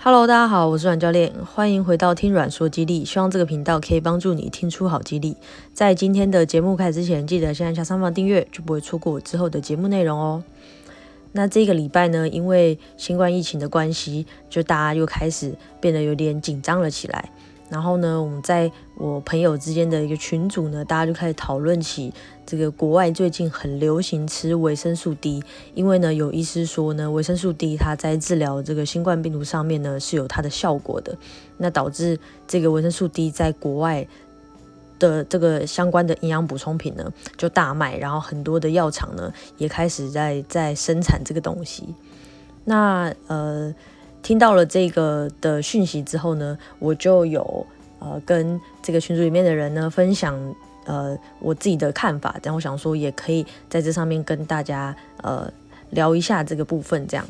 Hello，大家好，我是阮教練，歡迎回到聽阮說肌力。希望這個頻道可以幫助你聽出好肌力。在今天的節目開始之前，記得先按下上方訂閱，就不會錯過我之後的節目內容哦。那這個禮拜呢，因為新冠疫情的關係，就大家又開始變得有點緊張了起來。然後呢，我們在我朋友之間的一個群組呢，大家就開始討論起這個國外最近很流行吃維生素 D，因為呢，有醫師說呢，維生素 D 它在治療這個新冠病毒上面呢是有它的效果的，那導致這個維生素 D 在國外的這個相關的營養補充品呢就大賣，然後很多的藥廠呢也開始在在生產這個東西，那呃。聽到了這個的訊息之後呢，我就有呃跟這個群組裡面的人呢分享呃我自己的看法，然後我想說也可以在這上面跟大家呃聊一下這個部分這樣。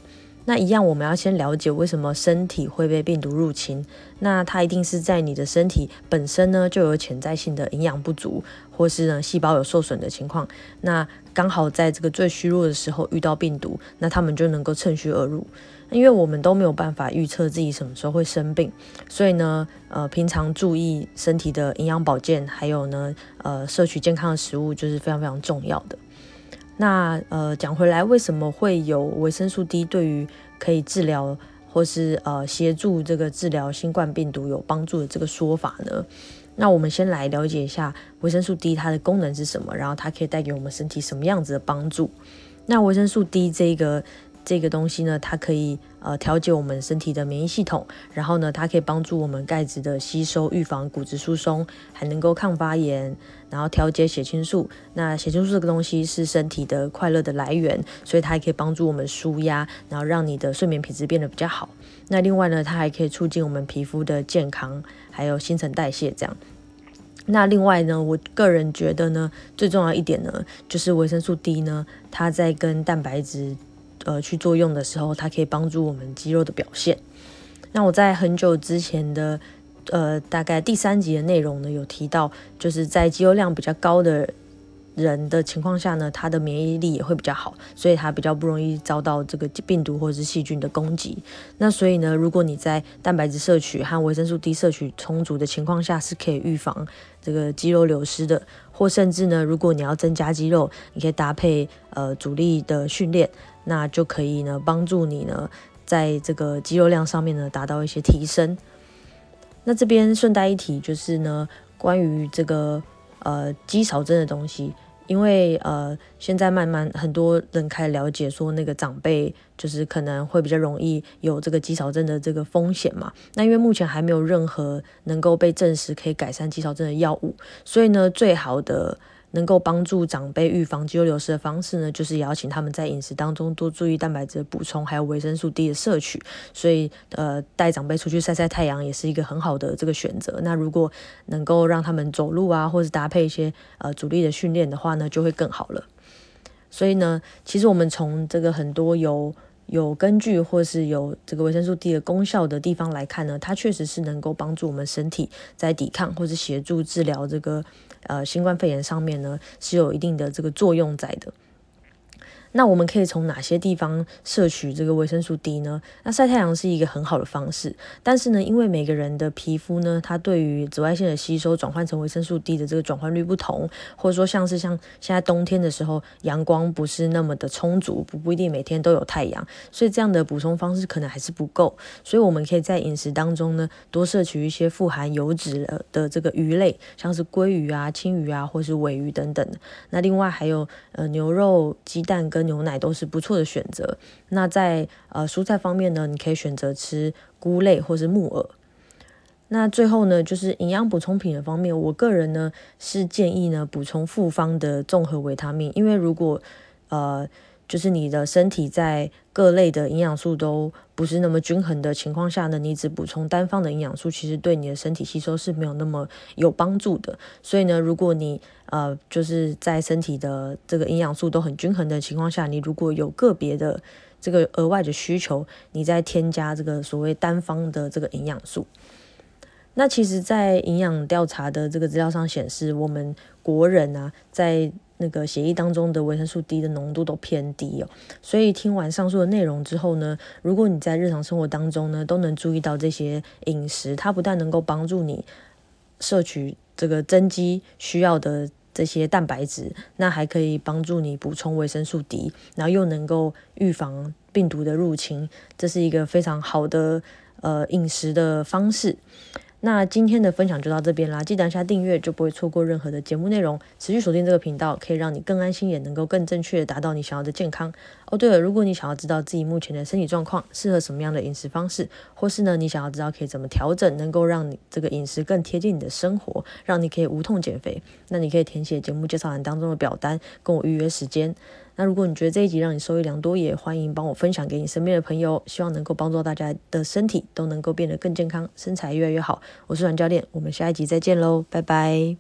那一樣，我們要先了解為什麼身體會被病毒入侵。那它一定是在你的身體本身呢就有潛在性的營養不足，或是呢細胞有受損的情況。那剛好在這個最虛弱的時候遇到病毒，那他們就能夠趁虛而入。因為我們都沒有辦法預測自己什麼時候會生病，所以呢，呃，平常注意身體的營養保健，還有呢，呃，攝取健康的食物就是非常非常重要的。那呃，講回來，為什麼會有維生素 D 對於可以治療或是呃協助這個治療新冠病毒有幫助的這個說法呢？那我們先來了解一下維生素 D 它的功能是什麼，然後它可以帶給我們身體什麼樣子的幫助。那維生素 D 這個。這個東西呢，它可以呃調節我們身體的免疫系統，然後呢，它可以幫助我們鈣質的吸收，預防骨質疏鬆，還能夠抗發炎，然後調節血清素。那血清素這個東西是身體的快樂的來源，所以它還可以幫助我們舒壓，然後讓你的睡眠品質變得比較好。那另外呢，它還可以促進我們皮膚的健康，還有新陳代謝這樣。那另外呢，我個人覺得呢，最重要一點呢，就是維生素 D 呢，它在跟蛋白質。呃，去作用的時候，它可以幫助我們肌肉的表現。那我在很久之前的呃，大概第三集的內容呢，有提到，就是在肌肉量比較高的人的情況下呢，他的免疫力也會比較好，所以它比較不容易遭到這個病毒或者是細菌的攻擊。那所以呢，如果你在蛋白質攝取和維生素 D 攝取充足的情況下，是可以預防這個肌肉流失的。或甚至呢，如果你要增加肌肉，你可以搭配呃阻力的訓練。那就可以呢，幫助你呢，在這個肌肉量上面呢，達到一些提升。那這邊順帶一提，就是呢，關於這個呃肌少症的東西，因為呃現在慢慢很多人開始了解說，那個長輩就是可能會比較容易有這個肌少症的這個風險嘛。那因為目前還沒有任何能夠被證實可以改善肌少症的藥物，所以呢，最好的。能夠幫助長輩預防肌肉流失的方式呢，就是也要請他們在飲食當中多注意蛋白質的補充，還有維生素 D 的攝取。所以，呃，帶長輩出去曬曬太陽也是一個很好的這個選擇。那如果能夠讓他們走路啊，或是搭配一些呃阻力的訓練的話呢，就會更好了。所以呢，其實我們從這個很多有有根據或是有這個維生素 D 的功效的地方來看呢，它確實是能夠幫助我們身體在抵抗或是協助治療這個呃新冠肺炎上面呢，是有一定的這個作用在的。那我們可以從哪些地方攝取這個維生素 D 呢？那曬太陽是一個很好的方式，但是呢，因為每個人的皮膚呢，它對於紫外線的吸收轉換成維生素 D 的這個轉換率不同，或者說像是像現在冬天的時候，陽光不是那麼的充足，不不一定每天都有太陽，所以這樣的補充方式可能還是不夠。所以我們可以在飲食當中呢，多攝取一些富含油脂的這個魚類，像是鮭魚啊、青魚啊，或是鮪魚等等。那另外還有呃牛肉、雞蛋跟牛奶都是不錯的選擇。那在呃蔬菜方面呢，你可以選擇吃菇類或是木耳。那最後呢，就是營養補充品的方面，我個人呢是建議呢補充複方的綜合維他命，因為如果呃。就是你的身體在各類的營養素都不是那麼均衡的情況下呢，你只補充單方的營養素，其實對你的身體吸收是沒有那麼有幫助的。所以呢，如果你呃就是在身體的這個營養素都很均衡的情況下，你如果有個別的這個額外的需求，你再添加這個所謂單方的這個營養素，那其實，在營養調查的這個資料上顯示，我們國人啊在。那個血液當中的維生素 D 的濃度都偏低哦，所以聽完上述的內容之後呢，如果你在日常生活當中呢都能注意到這些飲食，它不但能夠幫助你攝取這個增肌需要的這些蛋白質，那還可以幫助你補充維生素 D，然後又能夠預防病毒的入侵，這是一個非常好的呃飲食的方式。那今天的分享就到這邊啦，記得按下訂閱，就不會錯過任何的節目內容，持續鎖定這個頻道，可以讓你更安心，也能夠更正確地達到你想要的健康。哦，對了，如果你想要知道自己目前的身體狀況，適合什麼樣的飲食方式，或是呢，你想要知道可以怎麼調整，能夠讓你這個飲食更貼近你的生活，讓你可以無痛減肥，那你可以填寫節目介紹欄當中的表單，跟我預約時間。那如果你覺得這一集讓你受益良多，也歡迎幫我分享給你身邊的朋友，希望能夠幫助大家的身體都能夠變得更健康，身材越來越好。我是阮教練，我們下一集再見嘍，拜拜。